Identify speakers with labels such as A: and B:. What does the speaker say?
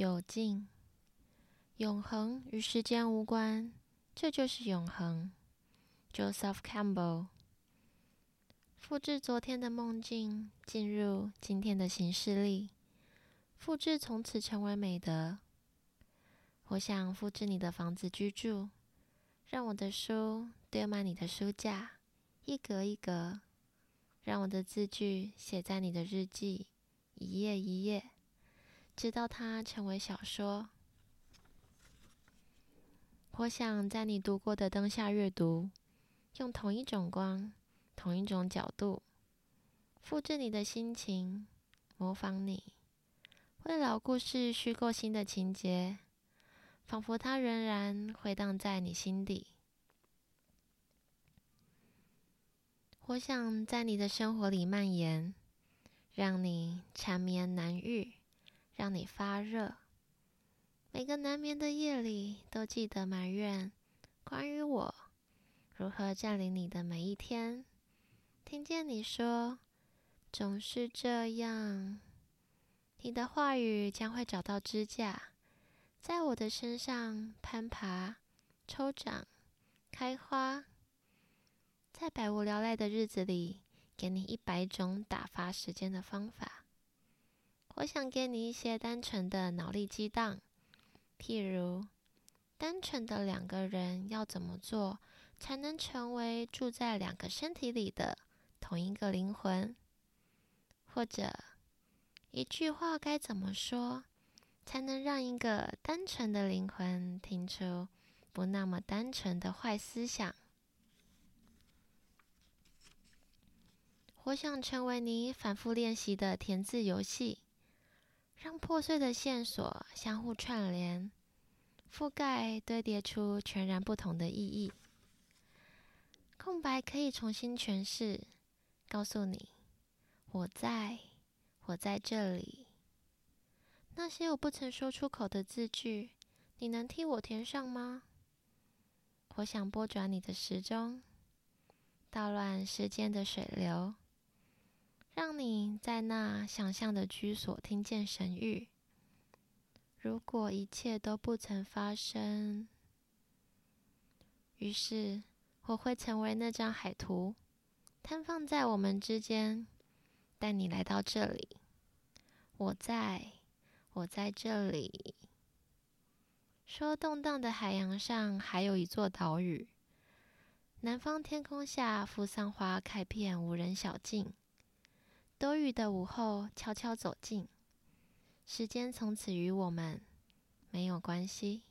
A: 有盡，永恆與時間無關，這就是永恆。Joseph Campbell。複製昨天的夢境，進入今天的行事曆，複製從此成為美德。我想複製你的房子居住，讓我的書堆滿你的書架，一格一格；讓我的字句寫在你的日記，一頁一頁。直到它成為小說，我想在你讀過的燈下閱讀，用同一種光、同一種角度，複製你的心情，模仿你，為老故事虛構新的情節，仿佛它仍然迴盪在你心底。我想在你的生活裡蔓延，讓你纏綿難癒。讓你發熱，每個難眠的夜裡都記得埋怨，關於我如何佔領你的每一天。聽見你說總是這樣，你的話語將會找到支架，在我的身上攀爬、抽長、開花，在百無聊賴的日子裡，給你一百種打發時間的方法。我想給你一些單純的腦力激盪，譬如單純的兩個人要怎麼做才能成為住在兩個身體裡的同一個靈魂？或者一句話該怎麼說才能讓一個單純的靈魂聽出不那麼單純的壞思想？我想成為你反覆練習的填字遊戲。讓破碎的線索相互串聯，覆蓋堆疊出全然不同的意義。空白可以重新詮釋，告訴你，我在，我在這裡。那些我不曾說出口的字句，你能替我填上嗎？我想撥轉你的時鐘，搗亂時間的水流。讓你在那想象的居所聽見神諭。如果一切都不曾發生，於是我會成為那張海圖，攤放在我們之間，帶你來到這裡。我在，我在這裡。說動盪的海洋上還有一座島嶼，南方天空下，扶桑花開遍無人小徑。多雨的午後，悄悄走近，時間從此與我們沒有關係。